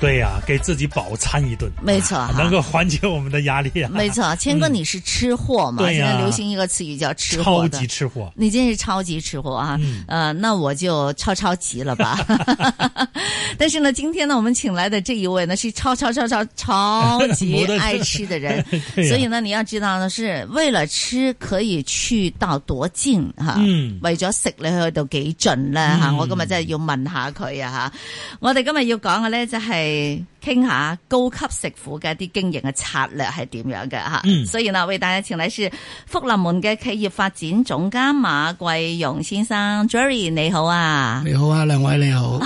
對呀、啊，給自己飽餐一頓，沒錯，能夠緩解我們的壓力啊。沒錯，謙哥，你是吃貨嘛？現在、嗯啊、流行一個詞語叫“吃貨”，超級吃貨。你真是超級吃貨啊！嗯、呃，那我就超超級了吧。 但是呢，今天呢，我們請來的這一位呢，是超超超超超，超級愛吃的人。 的是所以呢，呀你要知道呢，是為了吃可以去到多盡哈？啊、嗯。為咗食，你去到幾盡哈、啊！我今日真係要問下佢啊！哈！我哋今日要講嘅呢，就係、是。傾下高級食府嘅一啲經營嘅策略係點樣嘅吓，嗯、所以呢，為大家請嚟是，福臨門嘅企業發展總監馬桂榮先生，Jerry 你好啊，你好啊，兩位你好。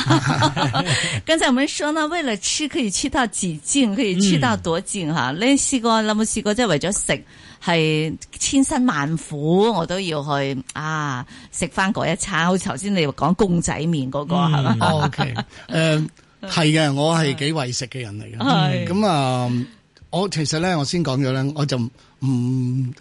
剛 才 我們說呢，為了吃可以吃到自煎，可以吃到多煎吓，嗯、你試過有冇試過即係為咗食係千辛萬苦，我都要去啊食翻嗰一餐。好，頭先你講公仔麵嗰、那個係咪 OK 誒。係嘅，我係幾為食嘅人嚟嘅。咁啊是、嗯嗯，我其實咧，我先講咗咧，我就唔，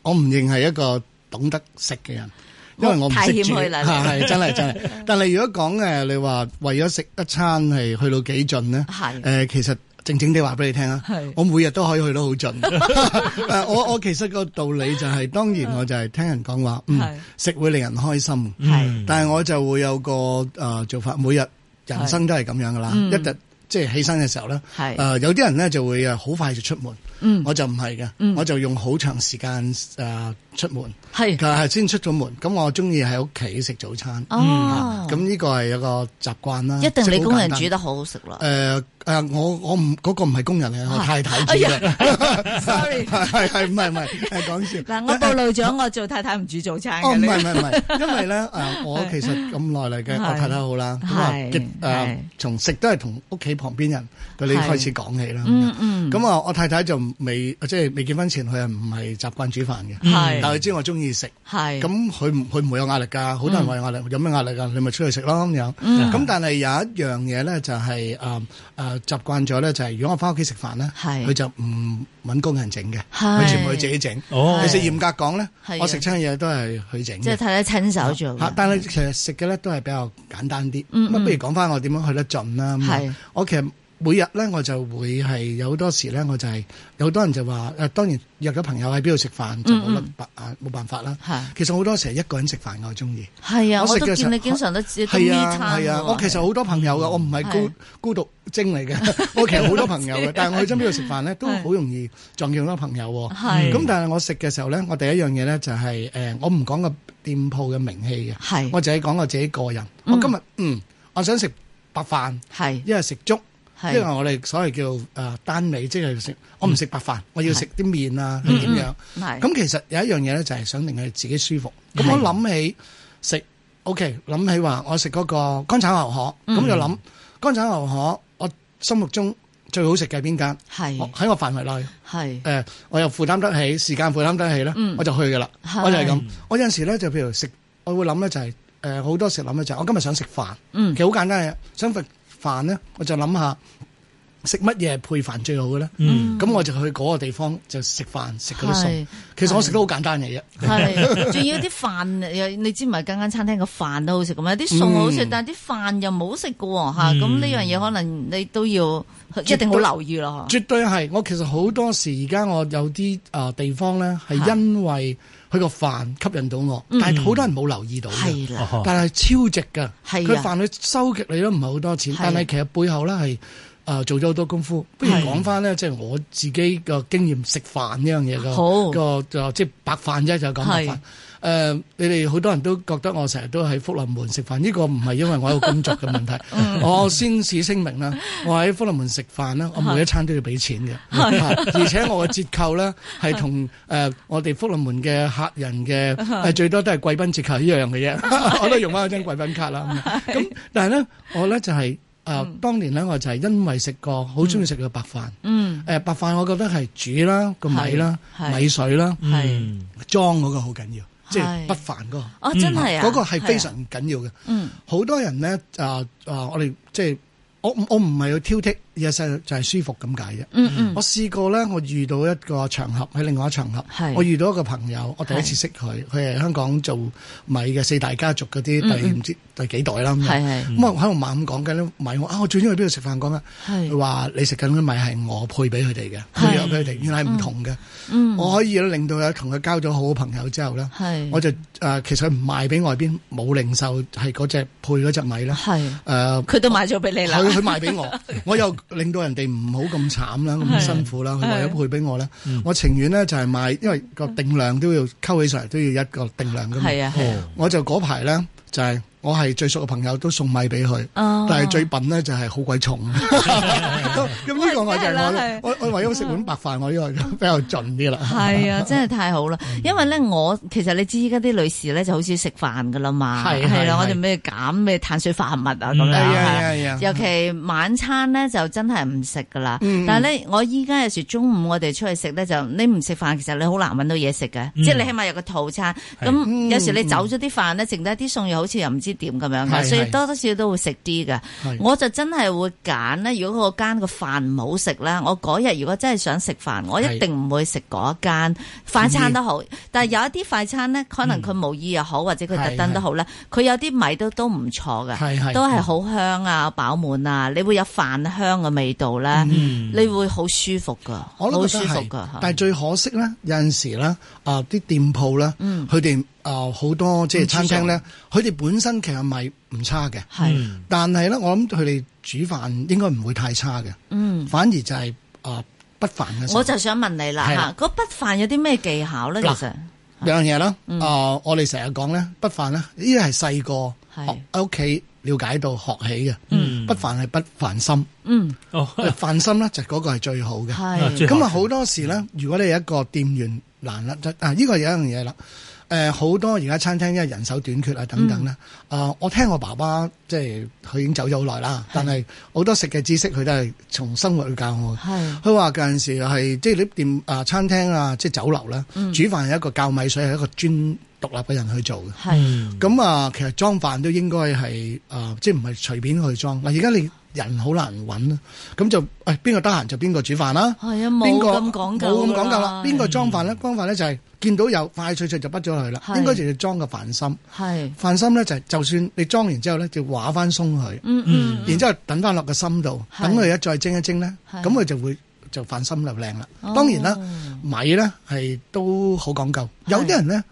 我唔認係一個懂得食嘅人，因為我唔識煮。太謙虛啦。係真係真係。 但係如果講誒，你話為咗食一餐係去到幾盡呢？係誒的、呃，其實靜靜哋話俾你聽啊，的我每日都可以去到好盡。 我我其實個道理就係、是，當然我就係聽人講話，嗯、的食會令人開心。係的，的但係我就會有個誒做法，每日。人生都係咁樣噶啦，嗯、一日即係起身嘅時候咧，誒係、呃、有啲人咧就會誒好快就出門，嗯、我就唔係嘅，嗯、我就用好長時間誒出門，係係先出咗門，咁我中意喺屋企食早餐，咁呢、哦啊、個係有個習慣啦，一定你工人煮得好好食咯。呃誒，我我唔嗰個唔係工人嚟，我太太煮嘅。sorry，係唔係唔係，係講笑。嗱，我暴露咗我做太太唔煮早餐嘅。哦，唔係唔係，因為咧誒，我其實咁耐嚟嘅，我太太好啦。咁啊，誒，從食都係同屋企旁邊人佢哋開始講起啦。咁啊，我太太就未即係未結婚前，佢啊唔係習慣煮飯嘅。但係佢知我中意食。係。咁佢唔佢唔會有壓力噶？好多人話有壓力，有咩壓力啊？你咪出去食咯咁樣。咁但係有一樣嘢咧，就係誒誒。習慣咗咧，就係、是、如果我翻屋企食飯咧，佢是就唔搵工人整嘅，佢是全部自己整。哦、其實嚴格講咧，的我食餐嘢，都係佢整。即係睇得親手做。吓、嗯，但係其實食嘅咧都係比較簡單啲。咁、嗯嗯、不如講翻我點樣去得盡啦。係的，嗯、我其實。每日咧，我就會係有好多時咧，我就係有好多人就話誒，當然約咗朋友喺邊度食飯就冇得辦啊，冇辦法啦。其實好多時一個人食飯我中意。係啊，我都見你經常都煮呢餐。係啊，我其實好多朋友嘅，我唔係孤孤獨精嚟嘅，我其實好多朋友嘅。但係我去咗邊度食飯咧，都好容易撞見好多朋友喎。咁但係我食嘅時候咧，我第一樣嘢咧就係誒，我唔講個店鋪嘅名氣嘅，我淨係講我自己個人。我今日嗯，我想食白飯，係，一係食粥。因為我哋所謂叫誒單尾，即係食我唔食白飯，我要食啲麵啊，點樣？咁其實有一樣嘢咧，就係想令佢自己舒服。咁我諗起食，OK，諗起話我食嗰個乾炒牛河，咁就諗乾炒牛河，我心目中最好食嘅邊間？喺我範圍內，誒，我又負擔得起，時間負擔得起咧，我就去㗎喇。我就係咁。我有陣時咧，就譬如食，我會諗咧，就係誒好多時諗咧，就係我今日想食飯，其實好簡單嘅，想食。飯咧，我就諗下食乜嘢配飯最好嘅咧。咁、嗯、我就去嗰個地方就食飯食嗰啲餸。是其實我食得好簡單嘅啫。係的，仲要啲飯，你知唔係間間餐廳個飯都好食咁樣？啲餸好食，但係啲飯又冇食過嚇。咁呢樣嘢可能你都要一定好留意咯。絕對係、啊，我其實好多時而家我有啲啊地方呢，係因為。佢個飯吸引到我，但係好多人冇留意到嘅，嗯、但係超值㗎。佢的飯佢收極你都唔係好多錢，的但係其實背後咧係。啊、呃，做咗好多功夫，不如講翻咧，是即係我自己嘅經驗，食飯呢樣嘢嘅個就即係白飯啫，就是、講白飯。誒是、呃，你哋好多人都覺得我成日都喺福臨門食飯，呢、這個唔係因為我有工作嘅問題。 我先旨聲明啦，我喺福臨門食飯啦，我每一餐都要俾錢嘅，而且我嘅折扣咧係同誒我哋福臨門嘅客人嘅係最多都係貴賓折扣呢樣嘅啫，是 我都用翻嗰張貴賓卡啦。咁是是 但係咧，我咧就係、是。啊、呃！當年咧，我就係因為食過，好中意食個白飯。嗯。誒、呃，白飯我覺得係煮啦個米啦、米水啦、裝嗰是、嗯、個好緊要，即係是不凡嗰、那個。哦，真係啊！嗰、那個係非常緊要嘅。嗯嗎。好多人咧啊啊！我哋即係我我唔係去挑剔。嘢食就係舒服咁解啫。我試過咧，我遇到一個場合，喺另外一場合，我遇到一個朋友，我第一次識佢，佢係香港做米嘅四大家族嗰啲第唔知第幾代啦。咁啊喺度猛咁講緊米，我啊我最中意邊度食飯講啦。佢話你食緊嘅米係我配俾佢哋嘅，配俾佢哋，原來係唔同嘅。我可以令到咧同佢交咗好好朋友之後呢，我就誒其實佢唔賣俾外邊，冇零售係嗰隻配嗰隻米啦。誒佢都買咗俾你啦。佢賣俾我，我又。令到人哋唔好咁慘啦，咁 辛苦啦，佢賣 一倍俾我咧， 嗯、我情願咧就係賣，因為個定量都要溝起上嚟，都要一個定量㗎嘛。係啊我就嗰排咧就係、是。我係最熟嘅朋友都送米俾佢，但係最笨咧就係好鬼重。咁呢個我就我我我唯有食碗白飯，我以為比較盡啲啦。係啊，真係太好啦！因為咧，我其實你知依家啲女士咧就好少食飯噶啦嘛。係係啦，我哋咩減咩碳水化合物啊咁樣。尤其晚餐咧就真係唔食噶啦。但係咧，我依家有時中午我哋出去食咧，就你唔食飯，其實你好難揾到嘢食嘅。即係你起碼有個套餐。咁有時你走咗啲飯咧，剩低啲餸又好似又唔知。點咁樣，所以多多少少都會食啲嘅。是是我就真係會揀呢，如果嗰間個飯唔好食呢，我嗰日如果真係想食飯，我一定唔會食嗰間快餐都好。但係有一啲快餐呢，可能佢無意又好，或者佢特登都好呢，佢是有啲米都都唔錯嘅，都係好香啊，飽滿啊，你會有飯香嘅味道呢，是是你會好舒服噶好舒服噶是但係最可惜呢，有陣時呢，啊、呃、啲店鋪呢，佢哋。啊，好多即係餐廳咧，佢哋本身其實咪唔差嘅，係，但係咧，我諗佢哋煮飯應該唔會太差嘅，嗯，反而就係啊不凡嘅。我就想問你啦，嗱，嗰不凡有啲咩技巧咧？其實兩樣嘢咯，啊，我哋成日講咧不凡咧，呢啲係細個喺屋企了解到學起嘅，嗯，不凡係不凡心，嗯，哦，凡心咧就嗰個係最好嘅，係，咁啊好多時咧，如果你係一個店員難啦，啊，呢個有一樣嘢啦。誒好多而家餐廳因為人手短缺啊等等啦，啊我聽我爸爸即係佢已經走咗好耐啦，但係好多食嘅知識佢都係從生活去教我。係佢話嗰陣時係即係啲店啊餐廳啊即係酒樓啦，煮飯係一個教米水係一個專獨立嘅人去做嘅。係咁啊，其實裝飯都應該係啊，即係唔係隨便去裝嗱。而家你人好難揾啦，咁就誒邊個得閒就邊個煮飯啦。係啊，冇咁講究，冇咁講究啦。邊個裝飯咧？裝飯咧就係。見到有快脆脆就畢咗佢去啦，應該就要裝個飯心。飯心咧就係就算你裝完之後咧，就畫翻鬆佢，然之後等翻落個心度，等佢一再蒸一蒸咧，咁佢就會就飯心就靚啦。當然啦，米咧係都好講究。有啲人咧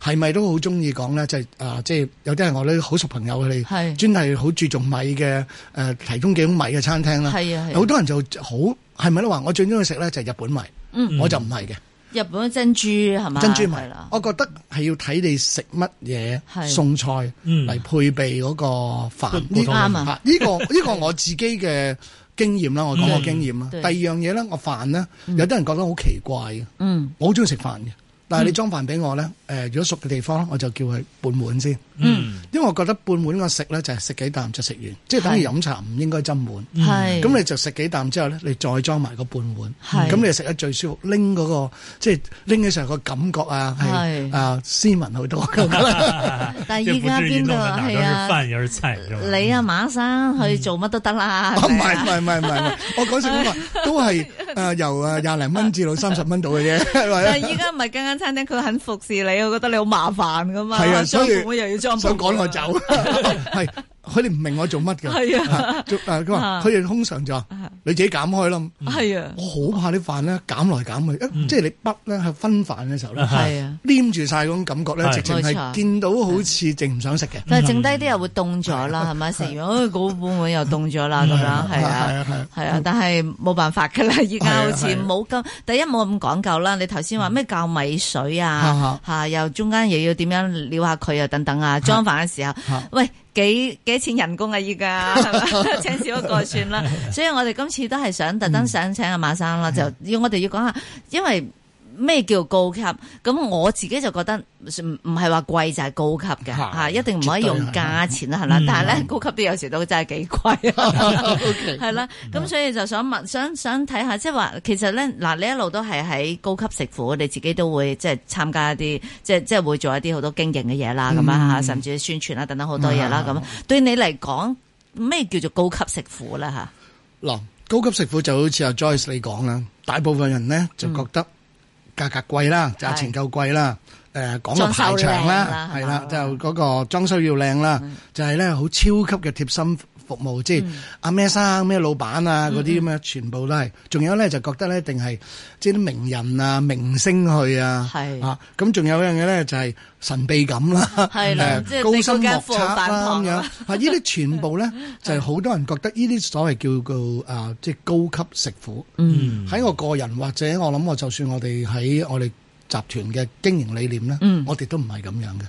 係咪都好中意講咧，就係啊，即係有啲人我哋好熟朋友佢哋，專係好注重米嘅誒，提供幾種米嘅餐廳啦。係啊，好多人就好，係咪都話我最中意食咧就係日本米，我就唔係嘅。日本珍珠係嘛？珍珠米，了我覺得係要睇你食乜嘢餸菜嚟配備嗰個飯。啱啊！呢個呢、呢個我自己嘅經驗啦，我講個經驗啦。嗯、第二樣嘢咧，我飯咧，嗯、有啲人覺得好奇怪嘅。嗯，我好中意食飯嘅，但係你裝飯俾我咧。嗯嗯誒，如果熟嘅地方，我就叫佢半碗先。嗯，因為我覺得半碗個食咧，就係食幾啖就食完，即係等於飲茶唔應該斟滿。係，咁你就食幾啖之後咧，你再裝埋個半碗。咁你食得最舒服，拎嗰個即係拎起上個感覺啊，係啊，斯文好多。但係依家邊度係啊？你啊，馬生去做乜都得啦。唔係唔係唔係，我講笑都係誒由誒廿零蚊至到三十蚊度嘅啫。但係依家唔係間間餐廳，佢肯服侍你。我覺得你好麻煩噶嘛，係啊，所以我又要將想趕我走。係。佢哋唔明我做乜嘅，係啊！佢話佢哋通常就你自己減開啦。係啊，我好怕啲飯咧減來減去，即係你滗咧係分飯嘅時候咧，係啊，黏住晒嗰種感覺咧，直情係見到好似淨唔想食嘅。但係剩低啲又會凍咗啦，係咪？食完哦，會唔會又凍咗啦？咁樣係啊，係啊，但係冇辦法噶啦，而家好似冇咁，第一冇咁講究啦。你頭先話咩較米水啊，吓又中間又要點樣撩下佢啊等等啊，裝飯嘅時候，喂。幾幾錢人工啊？依家係嘛？ 請少一個算啦， 所以我哋今次都係想特登想請阿馬生啦，就要我哋要講下，因為。咩叫高級？咁我自己就覺得唔唔係話貴就係高級嘅吓，一定唔可以用價錢啦，係啦。但係咧，高級啲有時都真係幾貴，係啦。咁所以就想問，想想睇下，即係話其實咧嗱，你一路都係喺高級食府，你自己都會即係參加一啲，即係即係會做一啲好多經營嘅嘢啦，咁樣吓，甚至宣傳啦等等好多嘢啦，咁對你嚟講咩叫做高級食府咧吓？嗱，高級食府就好似阿 Joyce 你講啦，大部分人咧就覺得。價格貴啦，的價錢夠貴啦，誒的、呃、講個排場啦，係啦，就嗰個裝修要靚啦，的就係咧好超級嘅貼心，服務，即係阿咩生咩老闆啊，嗰啲咁啊，嗯、全部都係。仲有咧就覺得咧，定係即係啲名人啊、明星去啊。係是啊，咁仲有一樣嘢咧，就係神秘感啦，誒高深莫測啦咁樣。啊，呢啲全部咧 就係好多人覺得呢啲所謂叫做啊，即係高級食府。嗯，喺我個人或者我諗，我就算我哋喺我哋。集團嘅經營理念咧，嗯、我哋都唔係咁樣嘅，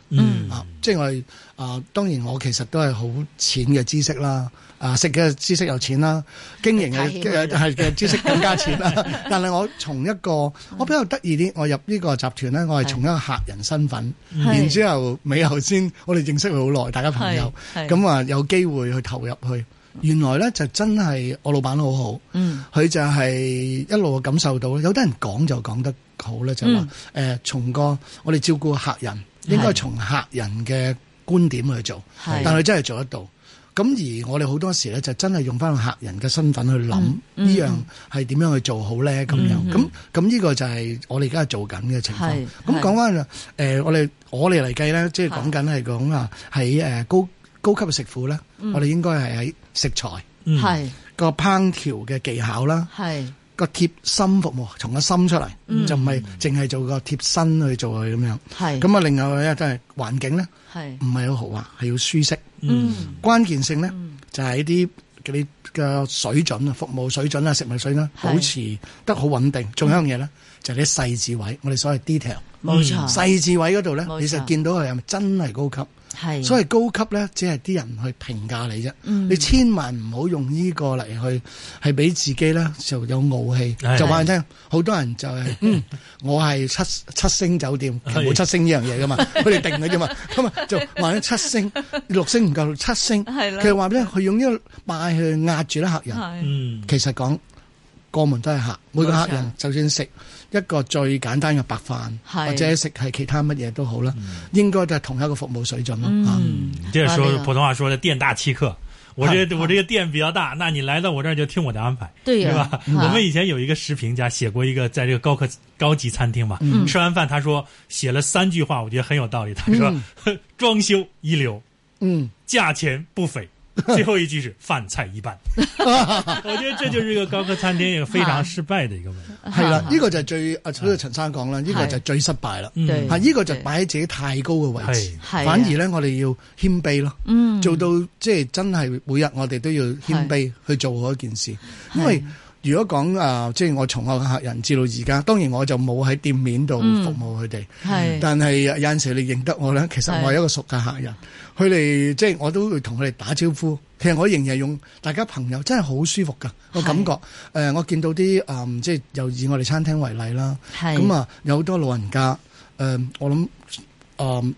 啊、嗯，即係我哋，啊，當然我其實都係好淺嘅知識啦，啊，食嘅知識又淺啦，經營嘅係嘅知識更加淺啦。 但係我從一個，我比較得意啲，我入呢個集團咧，我係從一個客人身份，是然之後尾後先我哋認識佢好耐，大家朋友，咁啊有機會去投入去。原來咧就真係我老闆好好，佢、嗯、就係一路感受到有啲人講就講得好咧，就話、嗯、誒，從個我哋照顧客人，應該從客人嘅觀點去做，是但係真係做得到。咁而我哋好多時咧就真係用翻客人嘅身份去諗呢樣係點樣去做好咧，咁、嗯嗯、樣咁咁呢個就係我哋、嗯、而家做緊嘅情況。咁講翻誒，我哋我哋嚟計咧，即係講緊係講啊喺誒高。高級嘅食府咧，我哋應該係喺食材，係個烹調嘅技巧啦，係個貼心服務從個心出嚟，就唔係淨係做個貼身去做佢咁樣。係咁啊，另外咧都係環境咧，係唔係好豪華，係要舒適。嗯，關鍵性咧就係啲嗰啲個水準啊，服務水準啊，食物水準啊，保持得好穩定。仲有一樣嘢咧，就係啲細字位，我哋所謂 detail。冇錯，細字位嗰度咧，你就見到佢係咪真係高級。係，所謂高級咧，只係啲人去評價你啫。你千萬唔好用呢個嚟去，係俾自己咧就有傲氣。就話你聽，好多人就係，嗯，我係七七星酒店冇七星呢樣嘢噶嘛，佢哋定噶啫嘛。咁啊，就話咗七星六星唔夠七星，佢話咧，佢用呢個賣去壓住啲客人。其實講過門都係客，每個客人就算食，一個最簡單嘅白飯，或者食係其他乜嘢都好啦，嗯、應該就係同一個服務水準咯。嗯，即係說普通話，說的店大欺客。我這我這個店比較大，那你來到我這就聽我的安排，對吧？我們以前有一個食評家寫過一個，在這個高客高級餐廳嘛，嗯、吃完飯，他說寫了三句話，我覺得很有道理。他說、嗯、裝修一流，嗯，價錢不菲。最後一句是飯菜一般，我覺得這就是一個高科餐廳一個非常失敗的一個問題。係啦，呢個就係最阿好似陳生講啦，呢個就係最失敗啦。吓，呢個就擺喺自己太高嘅位置，反而咧我哋要謙卑咯。做到即係真係每日我哋都要謙卑去做好一件事，因為。如果講啊，即係我從我嘅客人至到而家，當然我就冇喺店面度服務佢哋。係，但係有陣時你認得我咧，其實我係一個熟嘅客人。佢哋即係我都會同佢哋打招呼。其實我仍然用大家朋友，真係好舒服噶我感覺。誒，我見到啲誒，即係又以我哋餐廳為例啦。係，咁啊有好多老人家誒，我諗誒，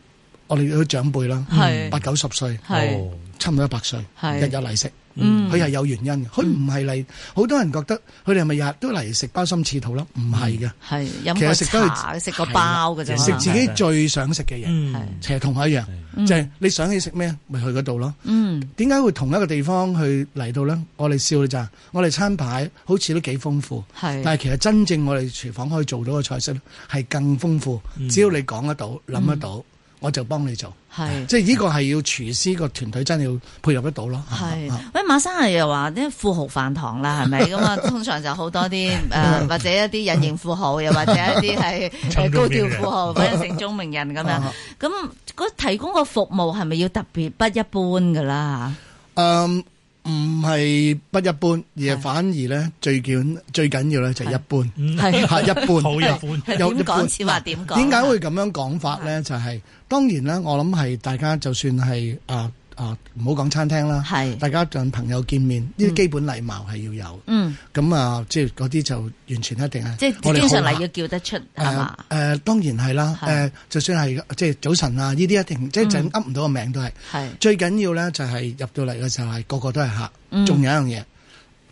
我哋嘅長輩啦，八九十歲，係差唔多一百歲，日日嚟食。嗯，佢係有原因嘅，佢唔係嚟。好多人覺得佢哋係咪日日都嚟食鮑參翅肚咧？唔係嘅，係其實食茶、食個包嘅啫，食自己最想食嘅嘢。嗯，其實同我一樣，就係你想起食咩，咪去嗰度咯。嗯，點解會同一個地方去嚟到咧？我哋少咋？我哋餐牌好似都幾豐富，係，但係其實真正我哋廚房可以做到嘅菜式咧，係更豐富。只要你講得到，諗得到。我就幫你做，係即係呢個係要廚師個團隊真係要配合得到咯。係，喂，馬生係又話啲富豪飯堂啦，係咪咁啊？通常就好多啲誒，或者一啲隱形富豪，又或者一啲係高調富豪或者城中名人咁樣。咁提供個服務係咪要特別不一般噶啦？誒，唔係不一般，而係反而咧最緊最緊要咧就係一般，係一般，好一般，點講先話點講？點解會咁樣講法咧？就係。當然啦，我諗係大家就算係啊啊，唔好講餐廳啦，是大家同朋友見面，呢啲基本禮貌係要有。嗯，咁啊，即係嗰啲就完全一定係。即係經常嚟要叫得出係嘛？誒、啊，嗎當然係啦。誒是、啊，就算係即係早晨啊，呢啲一定、嗯、即係噉噏唔到個名都係。係最緊要咧就係入到嚟嘅時候係個個都係客。仲、嗯、有一樣嘢，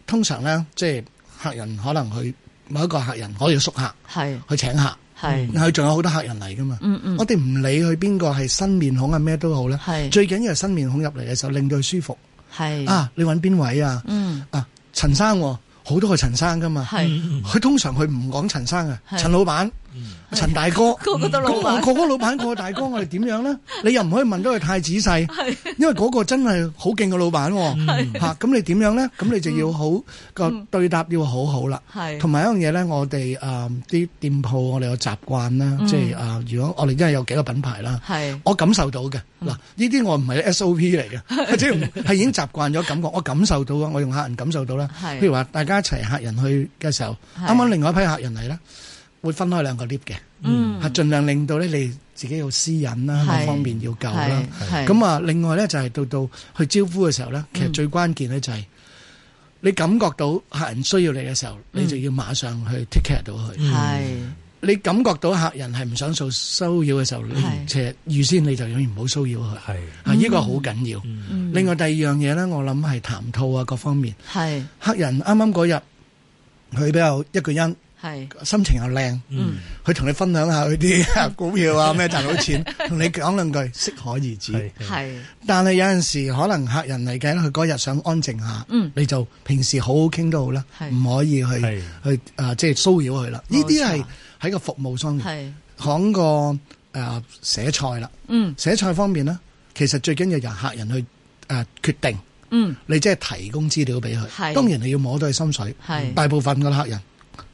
通常咧即係客人可能去某一個客人可以宿客，係是是去請客。係佢仲有好多客人嚟噶嘛，嗯嗯、我哋唔理佢邊個係新面孔啊咩都好啦，是最緊要係新面孔入嚟嘅時候令到佢舒服。係是啊，你揾邊位啊？嗯、啊，陳生、哦，好多係陳生噶嘛。係佢是、嗯嗯、通常佢唔講陳生啊，陳是老闆。陳大哥，個個老闆個個大哥，我哋點樣咧？你又唔可以問到佢太仔細，因為嗰個真係好勁嘅老闆，吓，咁你點樣咧？咁你就要好個對答要好好啦，同埋一樣嘢咧。我哋誒啲店鋪我哋有習慣啦，即係誒如果我哋真係有幾個品牌啦，我感受到嘅嗱，呢啲我唔係 SOP 嚟嘅，即係已經習慣咗感覺，我感受到我用客人感受到啦。譬如話大家一齊客人去嘅時候，啱啱另外一批客人嚟啦。會分開兩個 lift 嘅，係盡量令到咧你自己要私隱啦，各方面要夠啦。咁啊，另外咧就係到到去招呼嘅時候咧，其實最關鍵咧就係你感覺到客人需要你嘅時候，你就要馬上去 take care 到佢。係你感覺到客人係唔想受騷擾嘅時候，你其實預先你就永遠唔好騷擾佢。係啊，呢個好緊要。另外第二樣嘢咧，我諗係談吐啊，各方面。係客人啱啱嗰日，佢比較一個人。係心情又靚，嗯，佢同你分享下佢啲股票啊咩賺到錢，同你講兩句適可而止。係，但係有陣時可能客人嚟緊佢嗰日想安靜下，你就平時好好傾都好啦，唔可以去去誒即係騷擾佢啦。呢啲係喺個服務上面，講個誒寫菜啦。嗯，寫菜方面呢，其實最緊要由客人去誒決定。嗯，你即係提供資料俾佢，當然你要摸到佢心水。係，大部分嘅客人。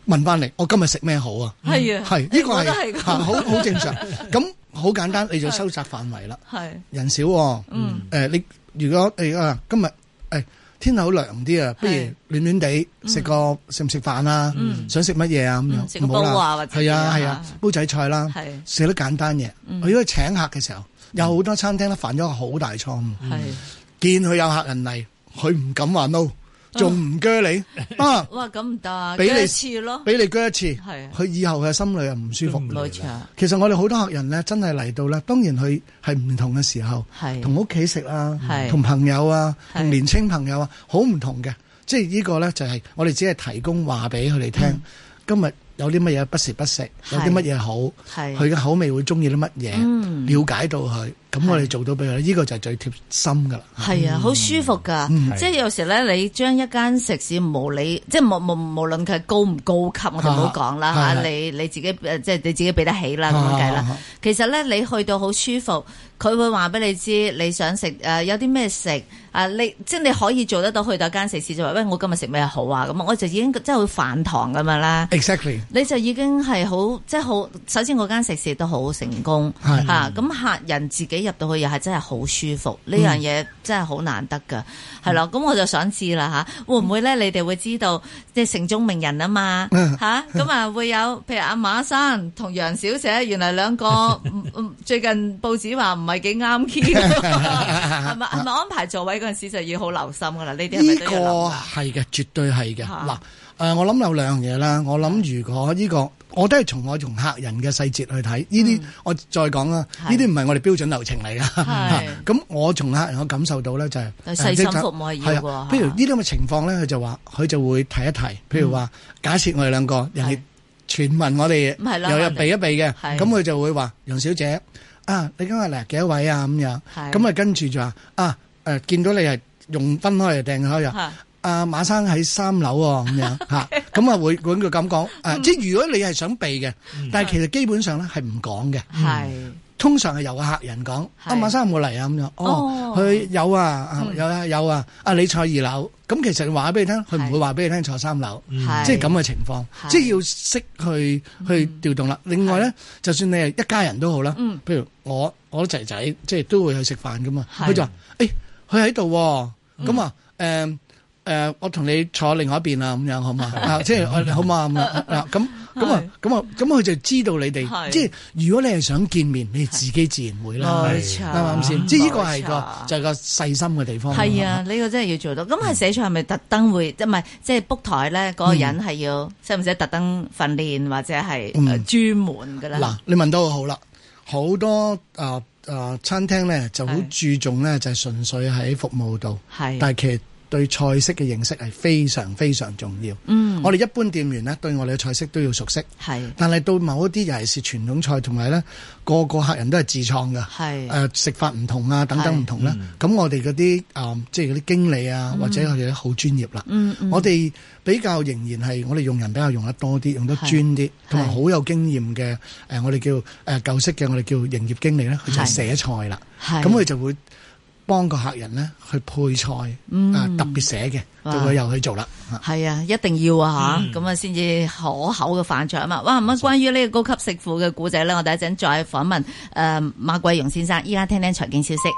問翻你，我今日食咩好啊？係啊，係呢個係嚇，好好正常。咁好簡單，你就收窄範圍啦。係人少，嗯，誒你如果誒啊，今日誒天好涼啲啊，不如暖暖地食個食唔食飯啊？想食乜嘢啊？咁樣冇啦，係啊係啊，煲仔菜啦，食得簡單嘢。佢如果請客嘅時候，有好多餐廳都犯咗個好大錯誤。係見佢有客人嚟，佢唔敢話 no。仲唔鋸你啊？哇，咁唔得，俾你一次咯，俾你鋸一次，係啊，佢以後嘅心裏又唔舒服。冇錯啊！其實我哋好多客人咧，真係嚟到咧，當然佢係唔同嘅時候，係同屋企食啊，同朋友啊，同年輕朋友啊，好唔同嘅。即係呢個咧，就係我哋只係提供話俾佢哋聽，今日有啲乜嘢不時不食，有啲乜嘢好，係佢嘅口味會中意啲乜嘢，瞭解到佢。咁我哋做到俾佢，呢個就係最貼心㗎啦。係啊，好舒服㗎，嗯、即係有時咧，你將一間食肆無理，的即係無無無論佢係高唔高級，的我就唔好講啦嚇。你你自己即係你自己俾得起啦，咁樣計啦。其實咧，你去到好舒服，佢會話俾你知你想食誒、呃、有啲咩食啊？你即係你可以做得到去到間食肆就話：喂，我今日食咩好啊？咁我就已經即係會飯堂咁樣啦。Exactly，你就已經係好即係好。首先嗰間食肆都好成功嚇，咁的的、啊、客人自己。入到去又係真係好舒服，呢樣嘢真係好難得噶，係啦、嗯。咁我就想知啦吓，會唔會咧？你哋會知道，即係城中名人啊嘛吓，咁、嗯嗯、啊會有，譬如阿馬生同楊小姐，原來兩個最近報紙話唔係幾啱 key，係咪係咪安排座位嗰陣時就要好留心噶啦？呢啲係咪都要諗啊？係嘅，絕對係嘅。嗱、啊。誒，我諗有兩樣嘢啦。我諗如果呢個，我都係從我從客人嘅細節去睇呢啲。我再講啦，呢啲唔係我哋標準流程嚟噶。咁我從客人我感受到咧，就係細心服務，譬如呢啲咁嘅情況咧，佢就話佢就會提一提。譬如話假設我哋兩個人係傳聞，我哋又有避一避嘅，咁佢就會話楊小姐啊，你今日嚟幾多位啊咁樣？咁啊跟住就話啊，誒，見到你係用分開定開啊？阿馬生喺三樓喎，咁樣嚇，咁啊會揾佢咁講，誒，即係如果你係想避嘅，但係其實基本上咧係唔講嘅，係通常係由個客人講。阿馬生有冇嚟啊？咁樣哦，佢有啊，有啊，有啊。阿你坐二樓，咁其實話俾你聽，佢唔會話俾你聽坐三樓，即係咁嘅情況，即係要識去去調動啦。另外咧，就算你係一家人都好啦，譬如我我仔仔即係都會去食飯噶嘛，佢就話，誒，佢喺度，咁啊，誒。誒、呃，我同你坐另外一邊是的 啊，咁 樣好嘛？啊，即係好嘛咁咁咁啊，咁啊，咁佢、嗯、就知道你哋。即係如果你係想見面，你自己自然會啦。啱唔啱先？即係呢個係個就係個細心嘅地方。係、呃、啊，呢個真係要做到。咁係寫菜係咪特登會？即係即係 book 台咧，嗰個人係要使唔使特登訓練或者係專門㗎咧？嗱，你問到好啦。好多誒誒餐廳咧就好注重咧，就純粹喺服務度，但係其。對菜式嘅認識係非常非常重要。嗯，我哋一般店員咧，對我哋嘅菜式都要熟悉。係是，但係到某一啲尤其是傳統菜，同埋咧個個客人都係自創嘅。係是，誒、呃、食法唔同啊，等等唔同啦。咁我哋嗰啲誒，即係嗰啲經理啊，或者我哋好專業啦。嗯、我哋比較仍然係我哋用人比較用得多啲，用得專啲，同埋好有經驗嘅。誒、呃，我哋叫誒舊式嘅，我哋叫營業經理咧，佢就寫菜啦。係，咁佢就會。是幫個客人咧去配菜，啊、嗯、特別寫嘅，叫佢又去做啦。係啊，一定要啊吓，咁啊先至可口嘅飯菜啊嘛。哇，咁關於呢個高級食府嘅古仔咧，我哋一陣再訪問誒、呃、馬貴榮先生。依家聽聽財經消息。